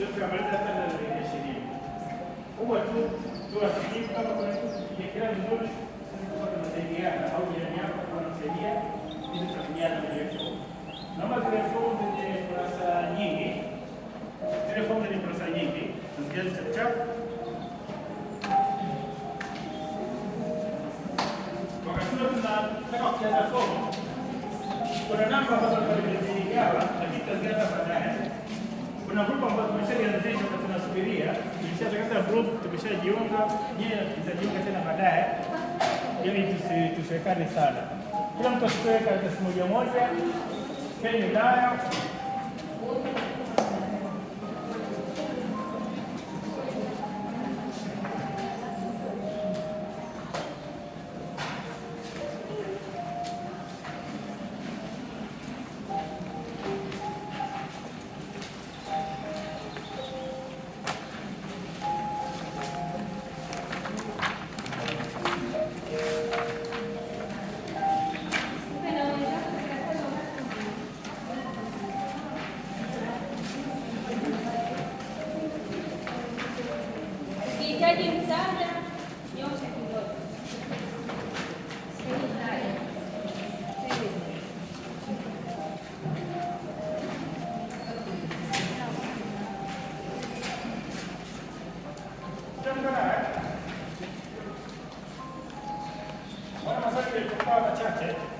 sio tuamaliza hata ndani ya sheria huwa tu tuwasikie kama kuna kitu kijekelea mzuri kwa tunasaidiana au jirani yako kwa tunasaidia ili tutajana na naomba zile fomu zenye kurasa nyingi zile fomu zenye kurasa nyingi tuzijaze chapchap wakati tunataka kujaza fomu kuna namba ambazo tulizigawa lakini tutazijaza baadaye kuna grupu ambazo kufikiria tukishatangaza group, tumeshajiunga je, tutajiunga tena baadaye, ili tusiwekane sana. Kila mtu asipoweka karatasi moja moja penye Ulaya Сходим сами, днем Сходим сами. Bueno, vamos a ver el papá machache.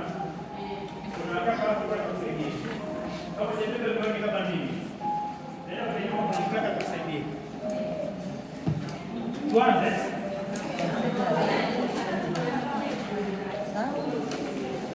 one, that's